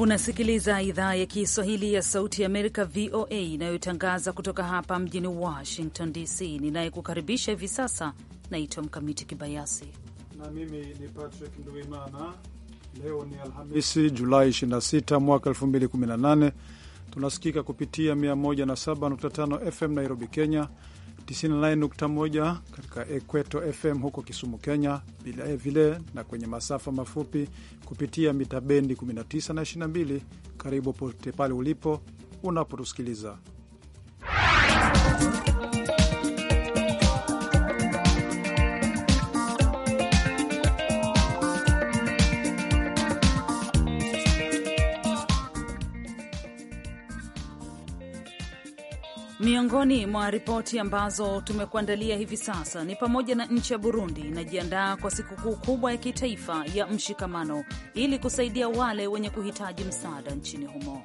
Unasikiliza idhaa ya Kiswahili ya Sauti ya Amerika, VOA, inayotangaza kutoka hapa mjini Washington DC. Ninayekukaribisha hivi sasa naitwa Mkamiti Kibayasi na mimi ni Patrick Nduimana. Leo ni Alhamisi, Julai 26 mwaka 2018. Tunasikika kupitia 107.5 FM Nairobi, Kenya, 99.1 katika Equeto FM huko Kisumu, Kenya, vilevile vile na kwenye masafa mafupi kupitia mita bendi 19 na 22. Karibu pote pale ulipo unapotusikiliza Miongoni mwa ripoti ambazo tumekuandalia hivi sasa ni pamoja na nchi ya Burundi inajiandaa kwa sikukuu kubwa ya kitaifa ya mshikamano ili kusaidia wale wenye kuhitaji msaada nchini humo.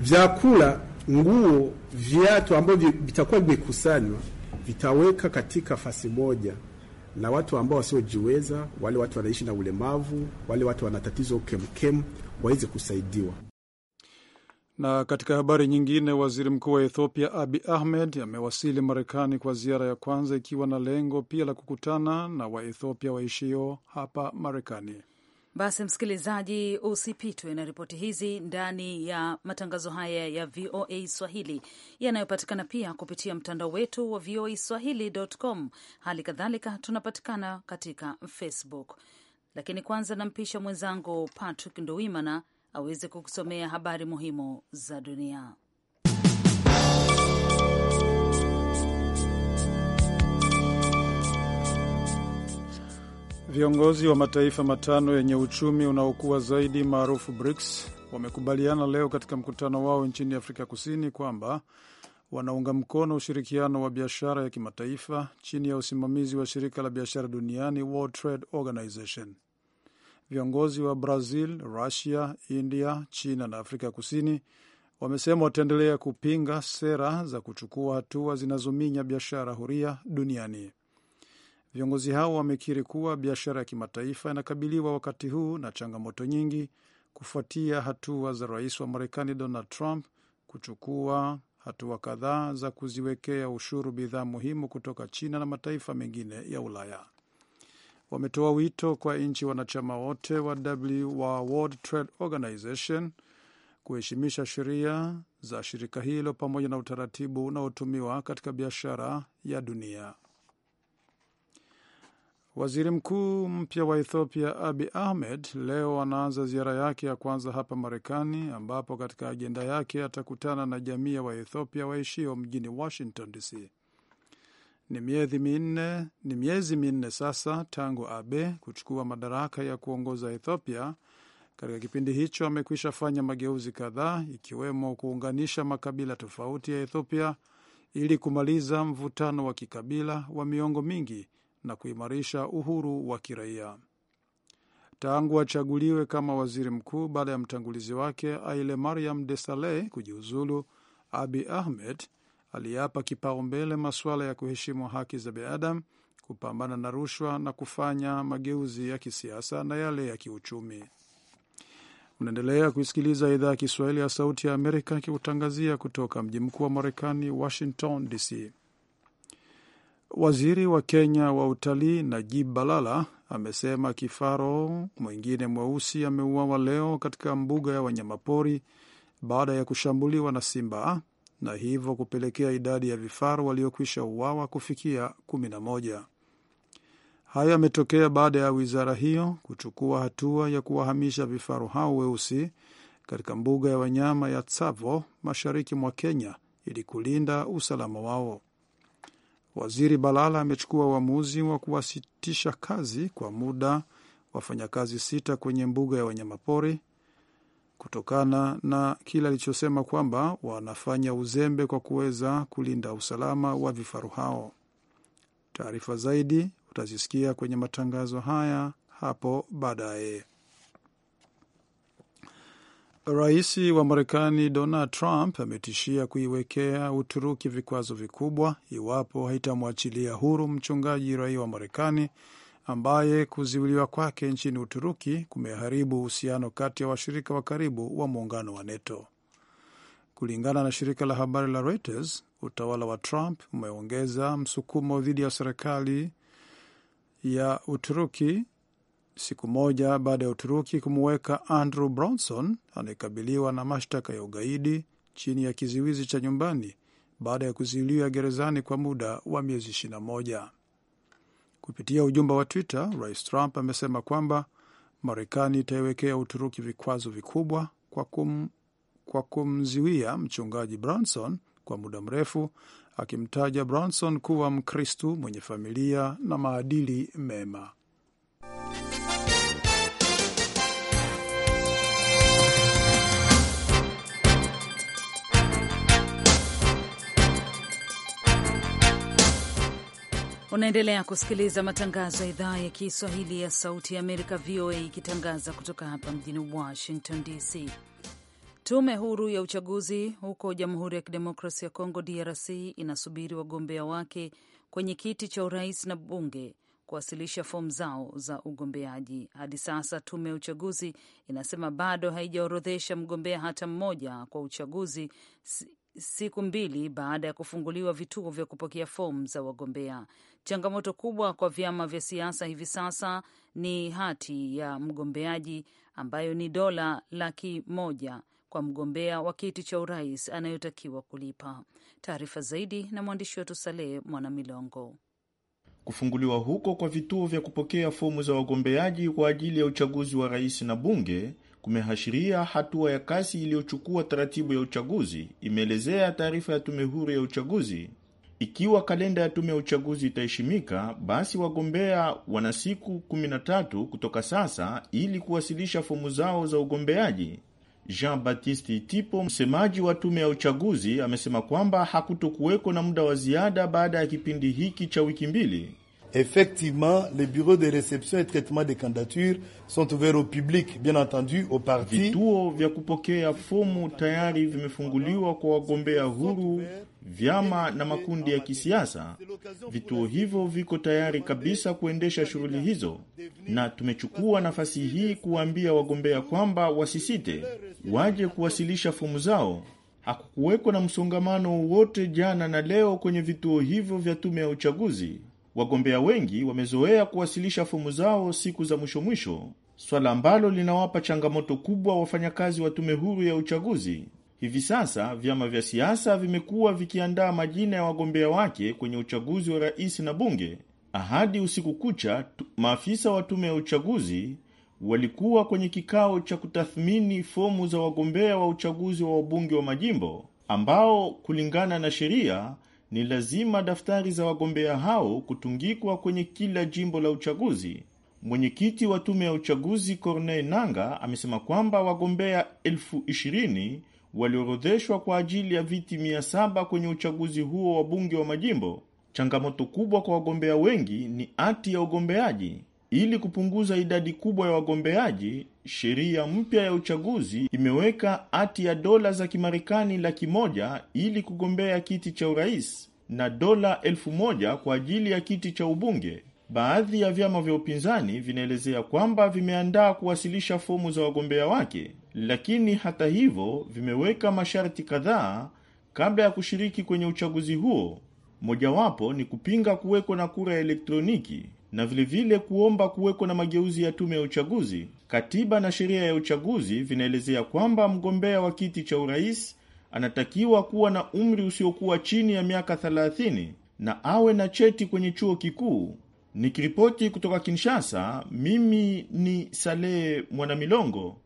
Vyakula, nguo, viatu ambavyo vitakuwa vimekusanywa vitaweka katika fasi moja na watu ambao wasiojiweza, wale watu wanaishi na ulemavu, wale watu wana tatizo kemkem waweze kusaidiwa. Na katika habari nyingine, waziri mkuu wa Ethiopia Abi Ahmed amewasili Marekani kwa ziara ya kwanza ikiwa na lengo pia la kukutana na Waethiopia waishio hapa Marekani. Basi msikilizaji, usipitwe na ripoti hizi ndani ya matangazo haya ya VOA Swahili yanayopatikana pia kupitia mtandao wetu wa VOA Swahili.com. Hali kadhalika tunapatikana katika Facebook, lakini kwanza nampisha mwenzangu Patrick Nduwimana aweze kukusomea habari muhimu za dunia. Viongozi wa mataifa matano yenye uchumi unaokuwa zaidi maarufu BRICS wamekubaliana leo katika mkutano wao nchini Afrika Kusini kwamba wanaunga mkono ushirikiano wa biashara ya kimataifa chini ya usimamizi wa shirika la biashara duniani World Trade Organization. Viongozi wa Brazil, Rusia, India, China na Afrika Kusini wamesema wataendelea kupinga sera za kuchukua hatua zinazominya biashara huria duniani. Viongozi hao wamekiri kuwa biashara ya kimataifa inakabiliwa wakati huu na changamoto nyingi kufuatia hatua za rais wa Marekani Donald Trump kuchukua hatua kadhaa za kuziwekea ushuru bidhaa muhimu kutoka China na mataifa mengine ya Ulaya wametoa wito kwa nchi wanachama wote wa w wa World Trade Organization kuheshimisha sheria za shirika hilo pamoja na utaratibu unaotumiwa katika biashara ya dunia. Waziri mkuu mpya wa Ethiopia abi Ahmed leo anaanza ziara yake ya kwanza hapa Marekani, ambapo katika ajenda yake atakutana na jamii ya Waethiopia waishio mjini Washington DC. Ni miezi minne, ni miezi minne sasa tangu Abe kuchukua madaraka ya kuongoza Ethiopia. Katika kipindi hicho amekwisha fanya mageuzi kadhaa, ikiwemo kuunganisha makabila tofauti ya Ethiopia ili kumaliza mvutano wa kikabila wa miongo mingi na kuimarisha uhuru wa kiraia. Tangu achaguliwe kama waziri mkuu baada ya mtangulizi wake Aile Mariam Desalegn kujiuzulu, Abi Ahmed aliyapa kipaumbele masuala ya kuheshimu haki za binadamu, kupambana na rushwa na kufanya mageuzi ya kisiasa na yale ya kiuchumi. Mnaendelea kuisikiliza idhaa ya Kiswahili ya Sauti ya Amerika ikikutangazia kutoka mji mkuu wa Marekani, Washington DC. Waziri wa Kenya wa utalii Najib Balala amesema kifaro mwingine mweusi ameuawa leo katika mbuga ya wanyamapori baada ya kushambuliwa na simba na hivyo kupelekea idadi ya vifaru waliokwisha uawa kufikia kumi na moja. Hayo yametokea baada ya wizara hiyo kuchukua hatua ya kuwahamisha vifaru hao weusi katika mbuga ya wanyama ya Tsavo mashariki mwa Kenya ili kulinda usalama wao. Waziri Balala amechukua uamuzi wa kuwasitisha kazi kwa muda wafanyakazi sita kwenye mbuga ya wanyamapori kutokana na kile alichosema kwamba wanafanya uzembe kwa kuweza kulinda usalama wa vifaru hao. Taarifa zaidi utazisikia kwenye matangazo haya hapo baadaye. Rais wa Marekani Donald Trump ametishia kuiwekea Uturuki vikwazo vikubwa iwapo haitamwachilia huru mchungaji raia wa Marekani ambaye kuziwiliwa kwake nchini Uturuki kumeharibu uhusiano kati ya washirika wa karibu wa muungano wa NATO. Kulingana na shirika la habari la Reuters, utawala wa Trump umeongeza msukumo dhidi ya serikali ya Uturuki siku moja baada ya Uturuki kumuweka Andrew Bronson anayekabiliwa na mashtaka ya ugaidi chini ya kizuizi cha nyumbani baada ya kuzuiliwa gerezani kwa muda wa miezi 21. Kupitia ujumbe wa Twitter, Rais Trump amesema kwamba Marekani itaiwekea Uturuki vikwazo vikubwa kwa, kum, kwa kumziwia mchungaji Branson kwa muda mrefu, akimtaja Branson kuwa Mkristu mwenye familia na maadili mema. Unaendelea kusikiliza matangazo ya idhaa ya Kiswahili ya Sauti ya Amerika, VOA, ikitangaza kutoka hapa mjini Washington DC. Tume huru ya uchaguzi huko Jamhuri ya kidemokrasi ya Kongo, DRC, inasubiri wagombea wake kwenye kiti cha urais na bunge kuwasilisha fomu zao za ugombeaji. Hadi sasa tume ya uchaguzi inasema bado haijaorodhesha mgombea hata mmoja kwa uchaguzi siku mbili baada ya kufunguliwa vituo vya kupokea fomu za wagombea. Changamoto kubwa kwa vyama vya siasa hivi sasa ni hati ya mgombeaji ambayo ni dola laki moja kwa mgombea wa kiti cha urais anayotakiwa kulipa. Taarifa zaidi na mwandishi wetu Salehe Mwanamilongo. Kufunguliwa huko kwa vituo vya kupokea fomu za wagombeaji kwa ajili ya uchaguzi wa rais na bunge kumehashiria hatua ya kasi iliyochukua taratibu ya uchaguzi, imeelezea taarifa ya tume huru ya uchaguzi. Ikiwa kalenda ya tume ya uchaguzi itaheshimika, basi wagombea wana siku 13 kutoka sasa ili kuwasilisha fomu zao za ugombeaji. Jean Baptiste Tipo, msemaji wa tume ya uchaguzi, amesema kwamba hakutokuweko na muda wa ziada baada ya kipindi hiki cha wiki mbili. Effectivement, les bureaux de réception et traitement des candidatures sont ouverts au public, bien entendu, au parti. Vituo vya kupokea fomu tayari vimefunguliwa kwa wagombea huru, vyama na makundi ya kisiasa. Vituo hivyo viko tayari kabisa kuendesha shughuli hizo, na tumechukua nafasi hii kuwaambia wagombea kwamba wasisite, waje kuwasilisha fomu zao. Hakukuweko na msongamano wowote jana na leo kwenye vituo hivyo vya tume ya uchaguzi. Wagombea wengi wamezoea kuwasilisha fomu zao siku za mwisho mwisho, swala ambalo linawapa changamoto kubwa wafanyakazi wa tume huru ya uchaguzi. Hivi sasa vyama vya siasa vimekuwa vikiandaa majina ya wagombea wake kwenye uchaguzi wa rais na bunge. Ahadi usiku kucha, maafisa wa tume ya uchaguzi walikuwa kwenye kikao cha kutathmini fomu za wagombea wa uchaguzi wa wabunge wa majimbo ambao kulingana na sheria ni lazima daftari za wagombea hao kutungikwa kwenye kila jimbo la uchaguzi. Mwenyekiti wa tume ya uchaguzi Corneille Nanga amesema kwamba wagombea elfu ishirini waliorodheshwa kwa ajili ya viti mia saba kwenye uchaguzi huo wa bunge wa majimbo. Changamoto kubwa kwa wagombea wengi ni hati ya ugombeaji. Ili kupunguza idadi kubwa ya wagombeaji, sheria mpya ya uchaguzi imeweka hati ya dola za Kimarekani laki moja ili kugombea kiti cha urais na dola elfu moja kwa ajili ya kiti cha ubunge. Baadhi ya vyama vya upinzani vinaelezea kwamba vimeandaa kuwasilisha fomu za wagombea wake, lakini hata hivyo vimeweka masharti kadhaa kabla ya kushiriki kwenye uchaguzi huo. Mojawapo ni kupinga kuwekwa na kura ya elektroniki na vilevile vile kuomba kuwekwa na mageuzi ya tume ya uchaguzi. Katiba na sheria ya uchaguzi vinaelezea kwamba mgombea wa kiti cha urais anatakiwa kuwa na umri usiokuwa chini ya miaka 30 na awe na cheti kwenye chuo kikuu. Nikiripoti kutoka Kinshasa, mimi ni Saleh Mwanamilongo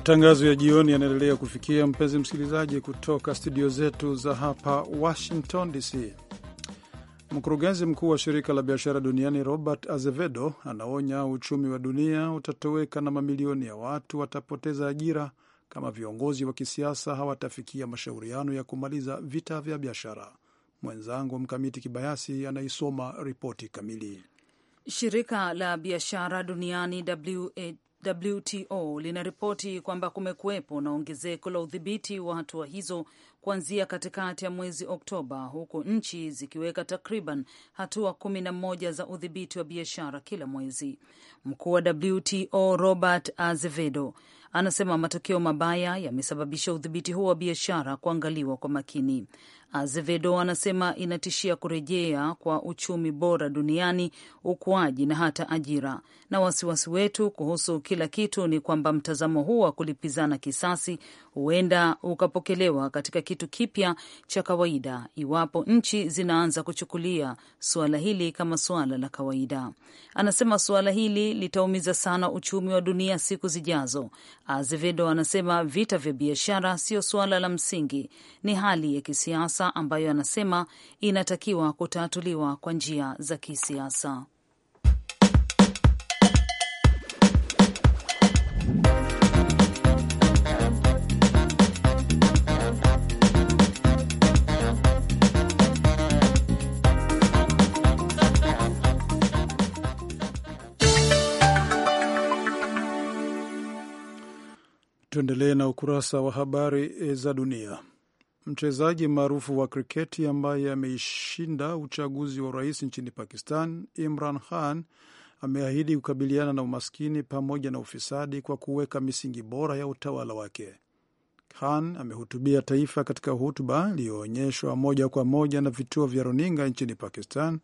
Matangazo ya jioni yanaendelea kufikia mpenzi msikilizaji, kutoka studio zetu za hapa Washington DC. Mkurugenzi mkuu wa shirika la biashara duniani Robert Azevedo anaonya uchumi wa dunia utatoweka na mamilioni ya watu watapoteza ajira kama viongozi wa kisiasa hawatafikia mashauriano ya kumaliza vita vya biashara. Mwenzangu Mkamiti Kibayasi anaisoma ripoti kamili. Shirika la biashara duniani WTO linaripoti kwamba kumekuwepo na ongezeko la udhibiti wa hatua hizo kuanzia katikati ya mwezi Oktoba, huku nchi zikiweka takriban hatua kumi na moja za udhibiti wa biashara kila mwezi. Mkuu wa WTO Robert Azevedo anasema matokeo mabaya yamesababisha udhibiti huo wa biashara kuangaliwa kwa makini. Azevedo anasema inatishia kurejea kwa uchumi bora duniani, ukuaji na hata ajira, na wasiwasi wetu kuhusu kila kitu ni kwamba mtazamo huu wa kulipizana kisasi huenda ukapokelewa katika kitu kipya cha kawaida iwapo nchi zinaanza kuchukulia suala hili kama suala la kawaida. Anasema suala hili litaumiza sana uchumi wa dunia siku zijazo. Azevedo anasema vita vya biashara sio suala la msingi, ni hali ya kisiasa Mombasa ambayo anasema inatakiwa kutatuliwa kwa njia za kisiasa. Tuendelee na ukurasa wa habari eh, za dunia. Mchezaji maarufu wa kriketi ambaye ameishinda uchaguzi wa urais nchini Pakistan, Imran Khan ameahidi kukabiliana na umaskini pamoja na ufisadi kwa kuweka misingi bora ya utawala wake. Khan amehutubia taifa katika hotuba iliyoonyeshwa moja kwa moja na vituo vya runinga nchini Pakistan,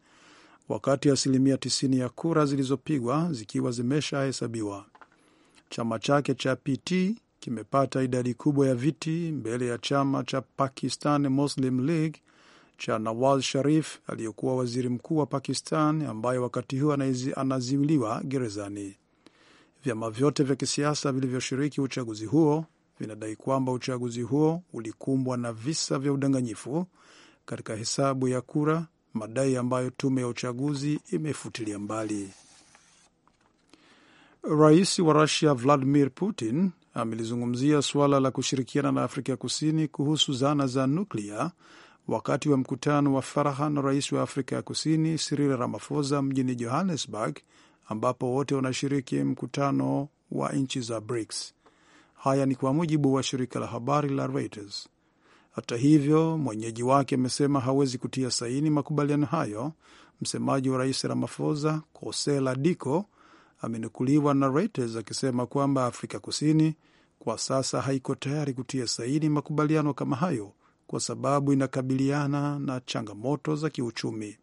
wakati asilimia 90 ya kura zilizopigwa zikiwa zimeshahesabiwa. Chama chake cha PT kimepata idadi kubwa ya viti mbele ya chama cha Pakistan Muslim League cha Nawaz Sharif aliyekuwa waziri mkuu wa Pakistan ambaye wakati huo anaziwiliwa gerezani. Vyama vyote vya kisiasa vilivyoshiriki uchaguzi huo vinadai kwamba uchaguzi huo ulikumbwa na visa vya udanganyifu katika hesabu ya kura, madai ambayo tume ya uchaguzi imefutilia mbali. Rais wa Rusia Vladimir Putin amelizungumzia suala la kushirikiana na Afrika Kusini kuhusu zana za nuklia wakati wa mkutano wa faraha na rais wa Afrika ya Kusini Cyril Ramaphosa mjini Johannesburg, ambapo wote wanashiriki mkutano wa nchi za BRICS. Haya ni kwa mujibu wa shirika la habari la Reuters. Hata hivyo, mwenyeji wake amesema hawezi kutia saini makubaliano hayo. Msemaji wa rais Ramaphosa, Kosela Diko, amenukuliwa na Reuters akisema kwamba Afrika Kusini kwa sasa haiko tayari kutia saini makubaliano kama hayo kwa sababu inakabiliana na changamoto za kiuchumi.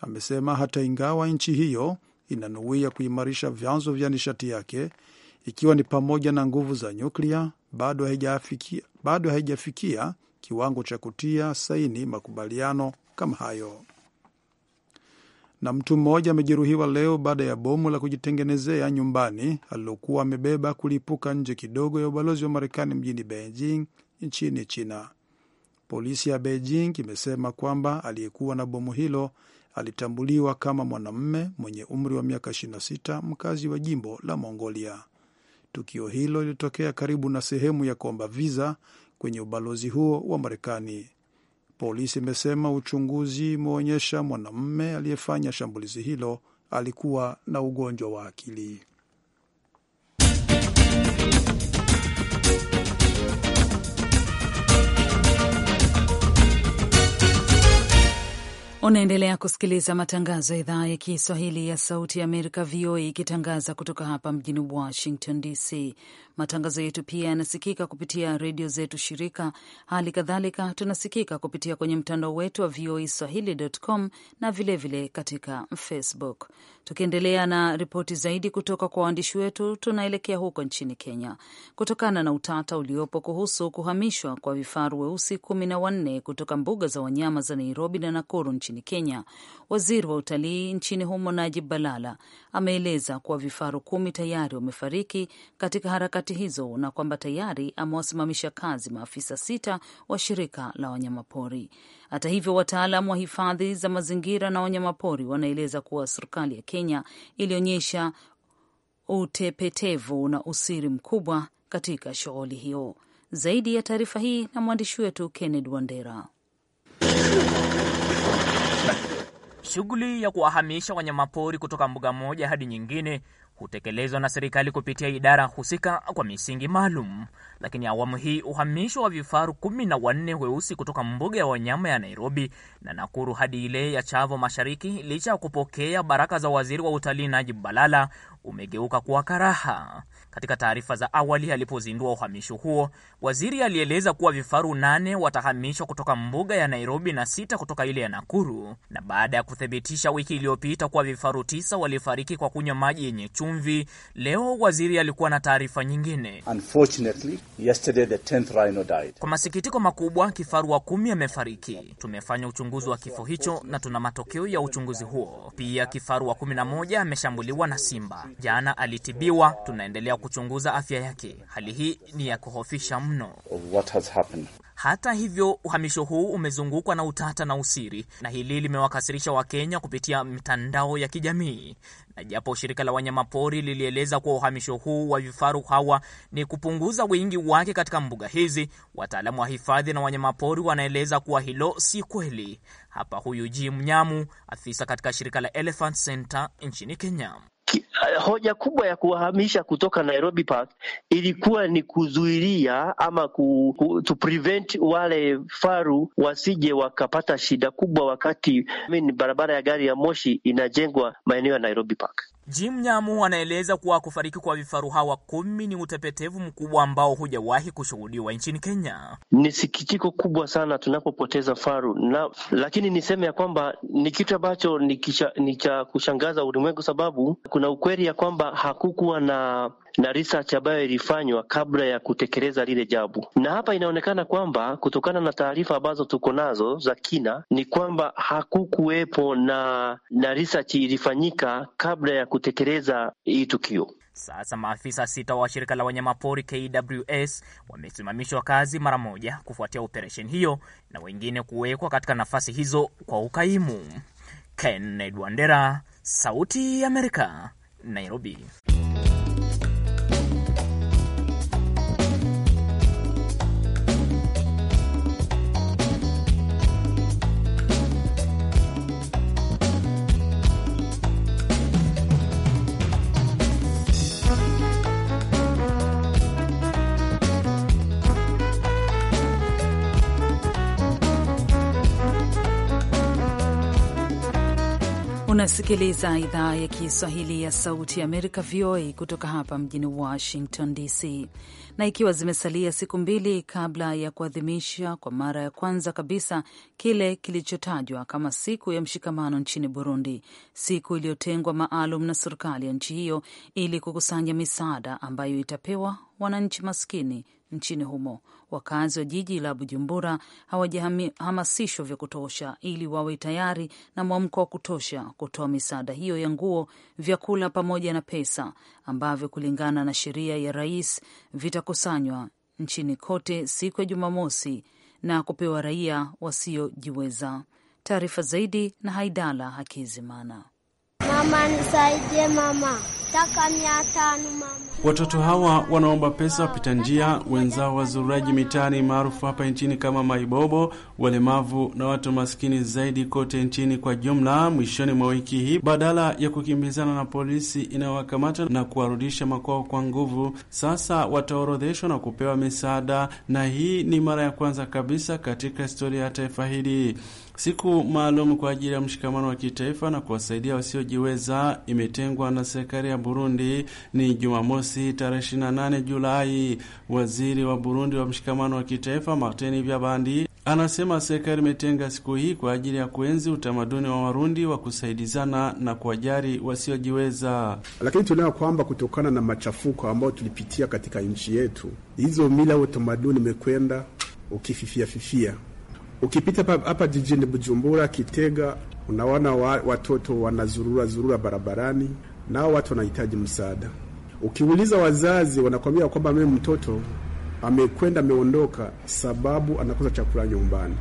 Amesema hata ingawa nchi hiyo inanuia kuimarisha vyanzo vya nishati yake ikiwa ni pamoja na nguvu za nyuklia, bado haijafikia kiwango cha kutia saini makubaliano kama hayo na mtu mmoja amejeruhiwa leo baada ya bomu la kujitengenezea nyumbani alilokuwa amebeba kulipuka nje kidogo ya ubalozi wa Marekani mjini Beijing nchini China. Polisi ya Beijing imesema kwamba aliyekuwa na bomu hilo alitambuliwa kama mwanamume mwenye umri wa miaka 26 mkazi wa jimbo la Mongolia. Tukio hilo lilitokea karibu na sehemu ya kuomba viza kwenye ubalozi huo wa Marekani. Polisi imesema uchunguzi umeonyesha mwanamume aliyefanya shambulizi hilo alikuwa na ugonjwa wa akili. Unaendelea kusikiliza matangazo ya idhaa ya Kiswahili ya Sauti ya Amerika, VOA, ikitangaza kutoka hapa mjini Washington DC. Matangazo yetu pia yanasikika kupitia redio zetu shirika. Hali kadhalika, tunasikika kupitia kwenye mtandao wetu wa voa swahilicom na vilevile vile katika Facebook. Tukiendelea na ripoti zaidi kutoka kwa waandishi wetu, tunaelekea huko nchini Kenya kutokana na utata uliopo kuhusu kuhamishwa kwa vifaru weusi kumi na wanne kutoka mbuga za wanyama za Nairobi na Nakuru nchini Kenya. Waziri wa utalii nchini humo Najib Balala ameeleza kuwa vifaru kumi tayari wamefariki katika harakati hizo na kwamba tayari amewasimamisha kazi maafisa sita wa shirika la wanyamapori. Hata hivyo, wataalam wa hifadhi za mazingira na wanyamapori wanaeleza kuwa serikali ya Kenya ilionyesha utepetevu na usiri mkubwa katika shughuli hiyo. Zaidi ya taarifa hii na mwandishi wetu Kenneth Wandera. Shughuli ya kuwahamisha wanyamapori kutoka mbuga moja hadi nyingine hutekelezwa na serikali kupitia idara husika kwa misingi maalum. Lakini awamu hii uhamisho wa vifaru kumi na wanne weusi kutoka mbuga ya wanyama ya Nairobi na Nakuru hadi ile ya Chavo Mashariki, licha ya kupokea baraka za waziri wa utalii Najib Balala, umegeuka kuwa karaha. Katika taarifa za awali alipozindua uhamisho huo, waziri alieleza kuwa vifaru nane watahamishwa kutoka mbuga ya Nairobi na sita kutoka ile ya Nakuru, na baada ya kuthibitisha wiki iliyopita kuwa vifaru tisa walifariki kwa kunywa maji yenye chumvi chumvi. Leo waziri alikuwa na taarifa nyingine. Kwa masikitiko makubwa, kifaru wa kumi amefariki. Tumefanya uchunguzi wa kifo hicho na tuna matokeo ya uchunguzi huo. Pia kifaru wa kumi na moja ameshambuliwa na simba jana, alitibiwa. Tunaendelea kuchunguza afya yake. Hali hii ni ya kuhofisha mno. Hata hivyo, uhamisho huu umezungukwa na utata na usiri, na hili limewakasirisha Wakenya kupitia mitandao ya kijamii. Na japo shirika la wanyamapori lilieleza kuwa uhamisho huu wa vifaru hawa ni kupunguza wingi wake katika mbuga hizi, wataalamu wa hifadhi na wanyamapori wanaeleza kuwa hilo si kweli. Hapa huyu Jim Nyamu, afisa katika shirika la Elephant Center nchini Kenya. Eh, hoja kubwa ya kuwahamisha kutoka Nairobi Park ilikuwa ni kuzuilia ama ku, ku, to prevent wale faru wasije wakapata shida kubwa wakati barabara ya gari ya moshi inajengwa maeneo ya Nairobi Park. Jim Nyamu anaeleza kuwa kufariki kwa vifaru hawa kumi ni utepetevu mkubwa ambao hujawahi kushuhudiwa nchini Kenya. Ni sikitiko kubwa sana tunapopoteza faru na, lakini niseme ya kwamba ni kitu ambacho ni cha kushangaza ulimwengu, sababu kuna ukweli ya kwamba hakukuwa na na research ambayo ilifanywa kabla ya kutekeleza lile jabu Na hapa inaonekana kwamba kutokana na taarifa ambazo tuko nazo za kina ni kwamba hakukuwepo na, na research ilifanyika kabla ya kutekeleza hii tukio. Sasa maafisa sita wa shirika la wanyamapori KWS wamesimamishwa kazi mara moja kufuatia operesheni hiyo na wengine kuwekwa katika nafasi hizo kwa ukaimu. Kenneth Wandera, Sauti ya Amerika, Nairobi. Unasikiliza idhaa ya Kiswahili ya Sauti ya Amerika, VOA, kutoka hapa mjini Washington DC. Na ikiwa zimesalia siku mbili kabla ya kuadhimisha kwa mara ya kwanza kabisa kile kilichotajwa kama siku ya mshikamano nchini Burundi, siku iliyotengwa maalum na serikali ya nchi hiyo ili kukusanya misaada ambayo itapewa wananchi maskini nchini humo wakazi wa jiji la Bujumbura hawajahamasishwa vya kutosha ili wawe tayari na mwamko wa kutosha kutoa misaada hiyo ya nguo, vyakula pamoja na pesa ambavyo kulingana na sheria ya rais vitakusanywa nchini kote siku ya Jumamosi na kupewa raia wasiojiweza. Taarifa zaidi na Haidala Hakizimana. Mama nisaidie, mama, taka mia tano mama Watoto hawa wanaomba pesa wapita njia wenzao, wazururaji mitaani maarufu hapa nchini kama maibobo, walemavu na watu maskini zaidi kote nchini kwa jumla, mwishoni mwa wiki hii, badala ya kukimbizana na polisi inayowakamata na kuwarudisha makwao kwa nguvu, sasa wataorodheshwa na kupewa misaada, na hii ni mara ya kwanza kabisa katika historia ya taifa hili. Siku maalum kwa ajili ya mshikamano wa kitaifa na kuwasaidia wasiojiweza imetengwa na serikali ya Burundi ni Jumamosi tarehe 28 Julai. Waziri wa Burundi wa mshikamano wa kitaifa Martin Vyabandi anasema serikali imetenga siku hii kwa ajili ya kuenzi utamaduni wa Warundi wa kusaidizana na kuwajali wasiojiweza. Lakini tunayo kwamba kutokana na machafuko ambayo tulipitia katika nchi yetu, hizo mila, utamaduni imekwenda ukififiafifia fifia Ukipita hapa jijini Bujumbura, Kitega, unaona wa, watoto wanazurura zurura barabarani, nao watu wanahitaji msaada. Ukiuliza wazazi wanakwambia kwamba mimi mtoto amekwenda ameondoka, sababu anakosa chakula nyumbani.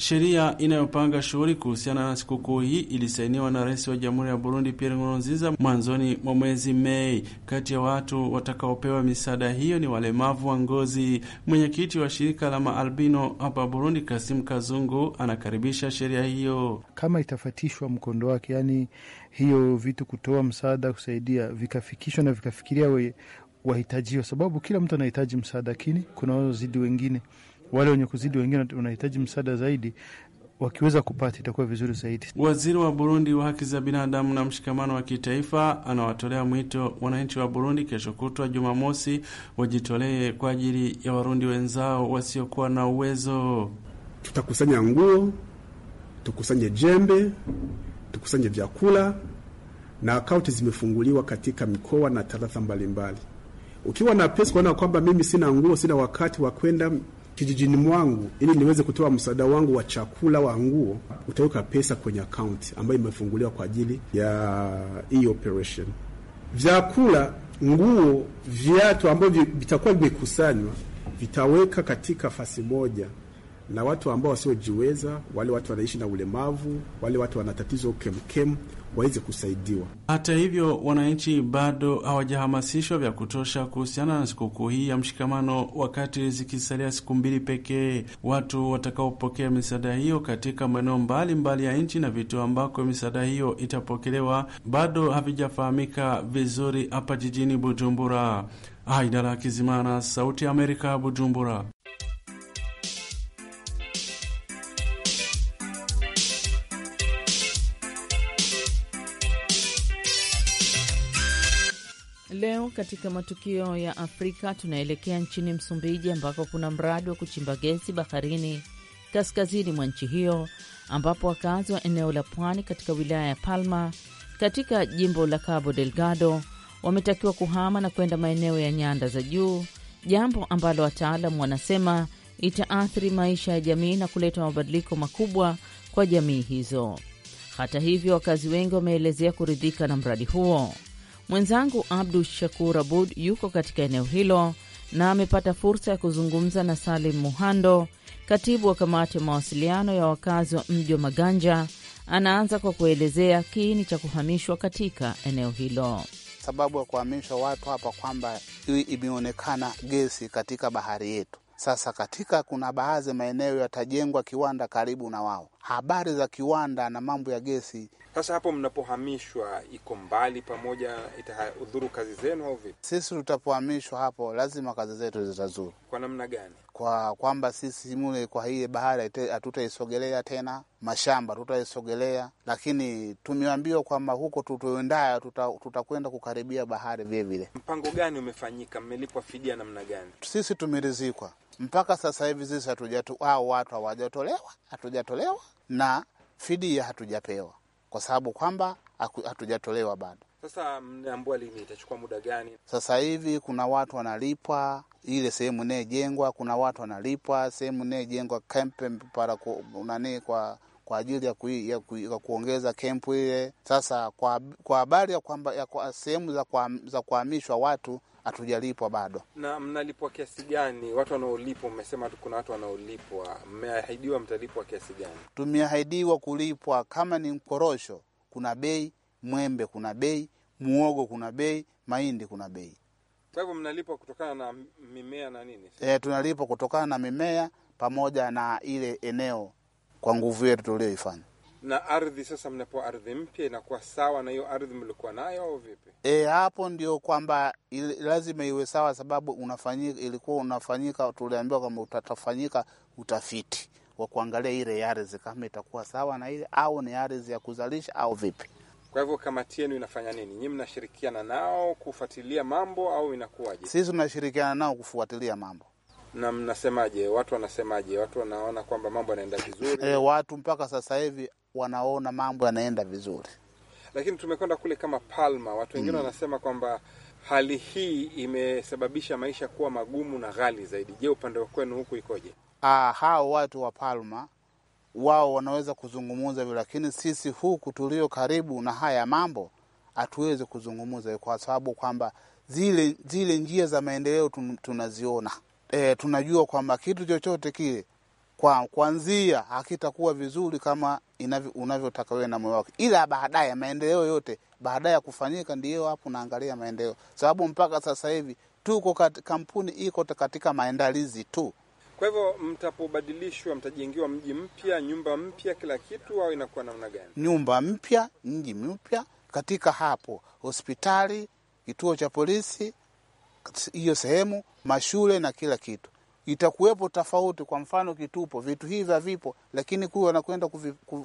Sheria inayopanga shughuli kuhusiana na sikukuu hii ilisainiwa na rais wa jamhuri ya Burundi Pierre Nkurunziza mwanzoni mwa mwezi Mei. Kati ya watu watakaopewa misaada hiyo ni walemavu wa ngozi. Mwenyekiti wa shirika la maalbino hapa Burundi, Kasim Kazungu, anakaribisha sheria hiyo kama itafatishwa mkondo wake, yaani hiyo vitu kutoa msaada, kusaidia, vikafikishwa na vikafikiria wahitajiwa, sababu kila mtu anahitaji msaada, lakini kuna wazidi wengine wale wenye kuzidi wengine wanahitaji msaada zaidi wakiweza kupata itakuwa vizuri zaidi. Waziri wa Burundi wa haki za binadamu na mshikamano wa kitaifa anawatolea mwito wananchi wa Burundi kesho kutwa Jumamosi wajitolee kwa ajili ya Warundi wenzao wasiokuwa na uwezo. Tutakusanya nguo, tukusanye jembe, tukusanye vyakula, na akaunti zimefunguliwa katika mikoa na tarafa mbalimbali. Ukiwa na pesa, unaona kwamba mimi sina nguo, sina wakati wa kwenda kijijini mwangu ili niweze kutoa msaada wangu wa chakula wa nguo, utaweka pesa kwenye akaunti ambayo imefunguliwa kwa ajili ya hii operation. Vyakula, nguo, viatu ambavyo vitakuwa vimekusanywa vitaweka katika fasi moja na watu ambao wasiojiweza, wale watu wanaishi na ulemavu, wale watu wana tatizo kemkem, waweze kusaidiwa. Hata hivyo, wananchi bado hawajahamasishwa vya kutosha kuhusiana na sikukuu hii ya mshikamano, wakati zikisalia siku mbili pekee. Watu watakaopokea misaada hiyo katika maeneo mbalimbali ya nchi na vituo ambako misaada hiyo itapokelewa bado havijafahamika vizuri hapa jijini Bujumbura. Haidara Kizimana, Sauti ya Amerika, Bujumbura. Leo katika matukio ya Afrika tunaelekea nchini Msumbiji ambako kuna mradi wa kuchimba gesi baharini kaskazini mwa nchi hiyo ambapo wakazi wa eneo la pwani katika wilaya ya Palma katika jimbo la Cabo Delgado wametakiwa kuhama na kwenda maeneo ya nyanda za juu, jambo ambalo wataalam wanasema itaathiri maisha ya jamii na kuleta mabadiliko makubwa kwa jamii hizo. Hata hivyo, wakazi wengi wameelezea kuridhika na mradi huo. Mwenzangu Abdu Shakur Abud yuko katika eneo hilo na amepata fursa ya kuzungumza na Salim Muhando, katibu wa kamati ya mawasiliano ya wakazi wa mji wa Maganja. Anaanza kwa kuelezea kiini cha kuhamishwa katika eneo hilo. Sababu ya kuhamisha watu hapa kwamba hii imeonekana gesi katika bahari yetu. Sasa katika kuna baadhi maeneo yatajengwa kiwanda karibu na wao, habari za kiwanda na mambo ya gesi. Sasa hapo mnapohamishwa, iko mbali pamoja, itahudhuru kazi zenu au vipi? Sisi tutapohamishwa hapo, lazima kazi zetu zitazuru. Kwa namna gani? Kwa kwamba sisi mule kwa hii bahari hatutaisogelea tena, mashamba tutaisogelea, lakini tumeambiwa kwamba huko tutuendaya tutakwenda tuta kukaribia bahari vilevile. Mpango gani umefanyika? Mmelipwa fidia namna gani? Sisi tumerizikwa mpaka sasa hivi, sisi hatujatu, watu hawajatolewa, hatujatolewa na fidia hatujapewa kwa sababu kwamba hatujatolewa bado. Sasa mnaambua lini, itachukua muda gani? Sasa hivi kuna watu wanalipwa ile sehemu inayojengwa, kuna watu wanalipwa sehemu inayojengwa kempe para nani kwa kwa ajili ya, ku, ya, ku, ya kuongeza kempu ile. Sasa kwa habari kwa ya kwamba sehemu za kuhamishwa watu hatujalipwa bado. Na mnalipwa kiasi gani? Watu wanaolipwa, mmesema kuna watu wanaolipwa, mmeahidiwa mtalipwa kiasi gani? Tumeahidiwa kulipwa, kama ni mkorosho kuna bei, mwembe kuna bei, muogo kuna bei, mahindi kuna bei. Kwa hivyo mnalipwa kutokana na mimea na nini? E, tunalipwa kutokana na mimea pamoja na ile eneo kwa nguvu yetu tulioifanya na ardhi sasa, mnapewa ardhi mpya, inakuwa sawa na hiyo ardhi mlikuwa nayo au vipi? E, hapo ndio kwamba lazima iwe sawa, sababu unafanyika, ilikuwa unafanyika, tuliambiwa kwamba utatafanyika utafiti wa kuangalia ile ardhi kama itakuwa sawa na ile au ni ardhi ya kuzalisha au vipi. Kwa hivyo kamati yenu inafanya nini? nyi mnashirikiana nao kufuatilia mambo au inakuwaje? Sisi tunashirikiana nao kufuatilia mambo. Na mnasemaje? Watu wanasemaje? Watu wanaona kwamba mambo yanaenda vizuri? E, watu mpaka sasa hivi wanaona mambo yanaenda vizuri. Lakini tumekwenda kule kama Palma, watu wengine mm, wanasema kwamba hali hii imesababisha maisha kuwa magumu na ghali zaidi. Je, upande wa kwenu huku ikoje? Ah, hao watu wa Palma wao wanaweza kuzungumuza hivyo, lakini sisi huku tulio karibu na haya mambo hatuwezi kuzungumuza kwa sababu kwamba zile, zile njia za maendeleo tunaziona. E, tunajua kwamba kitu chochote kile kwa kwanzia hakitakuwa vizuri kama unavyotaka wewe na moyo wako, ila baadaye maendeleo yote baadaye ya kufanyika, ndiyo hapo naangalia maendeleo, sababu mpaka sasa hivi tuko kampuni iko katika maandalizi tu. Kwa hivyo mtapobadilishwa, mtajengiwa mji mpya, nyumba mpya, kila kitu, au inakuwa namna gani? Nyumba mpya, mji mpya, katika hapo hospitali, kituo cha polisi, hiyo sehemu, mashule na kila kitu itakuwepo tofauti. Kwa mfano kitupo, vitu hivi havipo, lakini kuwa wanakwenda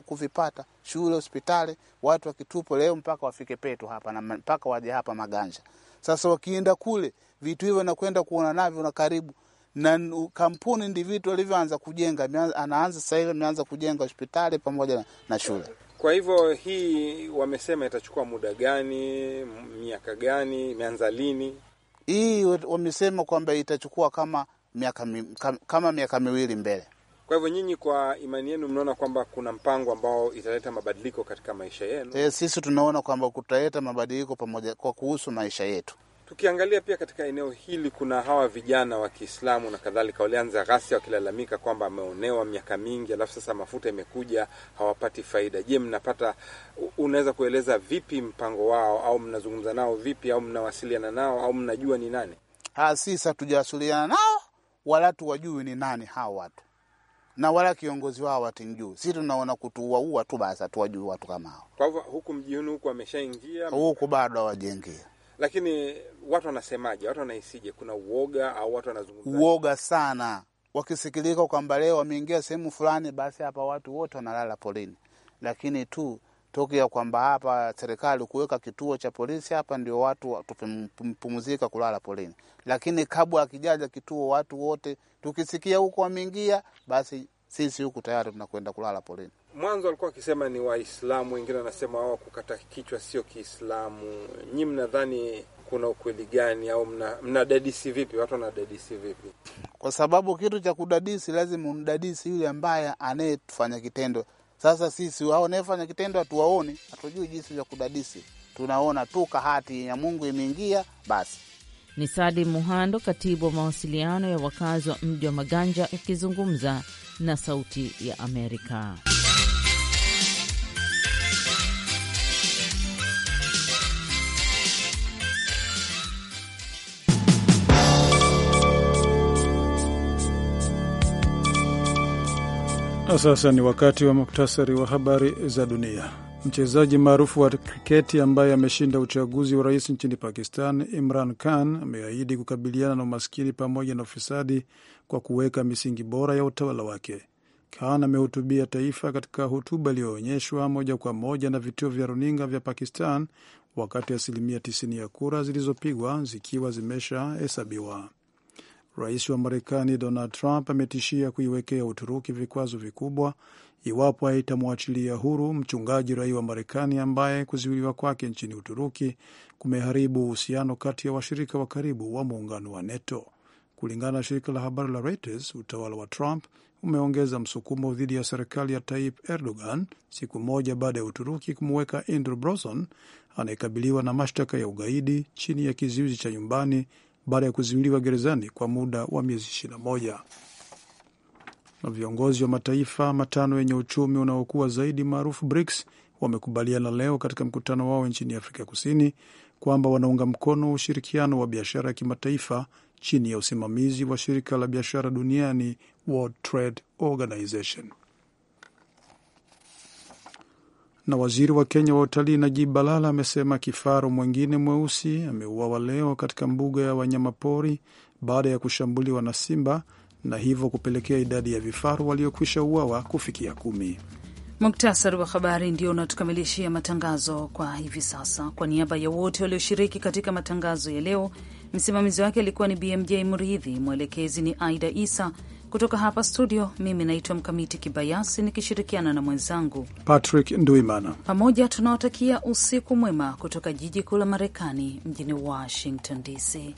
kuvipata shule, hospitali. Watu wa kitupo leo mpaka wafike Petu hapa na mpaka waje hapa Maganja. Sasa wakienda kule, vitu hivyo wanakwenda kuona navyo na karibu na kampuni ndi vitu alivyoanza kujenga, anaanza sasa hivi ameanza kujenga hospitali pamoja na, na shule. Kwa hivyo hii wamesema itachukua muda gani, miaka gani, imeanza lini? Hii wamesema kwamba itachukua kama miaka mi, kama miaka miwili mbele. Kwa hivyo nyinyi, kwa imani yenu, mnaona kwamba kuna mpango ambao italeta mabadiliko katika maisha yenu? E, sisi tunaona kwamba kutaleta mabadiliko pamoja kwa kuhusu maisha yetu. Tukiangalia pia katika eneo hili kuna hawa vijana wa Kiislamu na kadhalika, walianza ghasia wakilalamika kwamba ameonewa miaka mingi, alafu sasa mafuta imekuja, hawapati faida. Je, mnapata, unaweza kueleza vipi mpango wao, au mnazungumza nao vipi, au mnawasiliana nao, au mnajua ni nani? Ha, ah, sisi hatujawasiliana nao wala tuwajui ni nani hawa watu na wala kiongozi wao watimjui. Sisi tunaona kutuuaua tu basi, tuwajui watu kama hao. Kwa hivyo huku mjini huku wameshaingia, huku bado hawajaingia. Lakini watu wanasemaje? Watu wanahisije? Kuna uoga au watu wanazungumza uoga sana, wakisikilika kwamba leo wameingia sehemu fulani, basi hapa watu wote wanalala polini. Lakini tu tokea kwamba hapa serikali kuweka kituo cha polisi hapa ndio watu tupumzika kulala polini, lakini kabla akijaja kituo watu wote tukisikia huko wameingia, basi sisi huku tayari tunakwenda kulala polini. Mwanzo alikuwa akisema ni Waislamu, wengine wanasema wao kukata kichwa sio Kiislamu. Nyi mnadhani kuna ukweli gani, au mna, mnadadisi vipi? Watu wanadadisi vipi? Kwa sababu kitu cha kudadisi lazima umdadisi yule ambaye anayefanya kitendo sasa sisi hao wanayefanya kitendo hatuwaoni, hatujui jinsi vya kudadisi, tunaona tu kahati ya Mungu imeingia basi. Ni Sadi Muhando, katibu wa mawasiliano ya wakazi wa mji wa Maganja, akizungumza na Sauti ya Amerika. Na sasa ni wakati wa muktasari wa habari za dunia. Mchezaji maarufu wa kriketi ambaye ameshinda uchaguzi wa rais nchini Pakistan, Imran Khan, ameahidi kukabiliana na umaskini pamoja na ufisadi kwa kuweka misingi bora ya utawala wake. Khan amehutubia taifa katika hotuba iliyoonyeshwa moja kwa moja na vituo vya runinga vya Pakistan, wakati asilimia 90 ya kura zilizopigwa zikiwa zimeshahesabiwa. Rais wa Marekani Donald Trump ametishia kuiwekea Uturuki vikwazo vikubwa iwapo haitamwachilia huru mchungaji raia wa Marekani ambaye kuzuiliwa kwake nchini Uturuki kumeharibu uhusiano kati ya washirika wa karibu wa muungano wa NATO. Kulingana na shirika la habari la Reuters, utawala wa Trump umeongeza msukumo dhidi ya serikali ya Tayyip Erdogan siku moja baada ya Uturuki kumuweka Andrew broson anayekabiliwa na mashtaka ya ugaidi chini ya kizuizi cha nyumbani baada ya kuzuiliwa gerezani kwa muda wa miezi 21. Na viongozi wa mataifa matano yenye uchumi unaokuwa zaidi maarufu BRICS wamekubaliana leo katika mkutano wao nchini Afrika Kusini kwamba wanaunga mkono ushirikiano wa biashara ya kimataifa chini ya usimamizi wa shirika la biashara duniani World Trade Organization. Na waziri wa Kenya wa utalii Najib Balala amesema kifaru mwengine mweusi ameuawa leo katika mbuga ya wanyamapori baada ya kushambuliwa na simba na hivyo kupelekea idadi ya vifaru waliokwisha uawa kufikia kumi. Muktasari wa habari ndio unatukamilishia matangazo kwa hivi sasa. Kwa niaba ya wote walioshiriki katika matangazo ya leo, msimamizi wake alikuwa ni BMJ Mridhi, mwelekezi ni Aida Isa. Kutoka hapa studio, mimi naitwa Mkamiti Kibayasi nikishirikiana na mwenzangu Patrick Nduimana. Pamoja tunawatakia usiku mwema kutoka jiji kuu la Marekani, mjini Washington DC.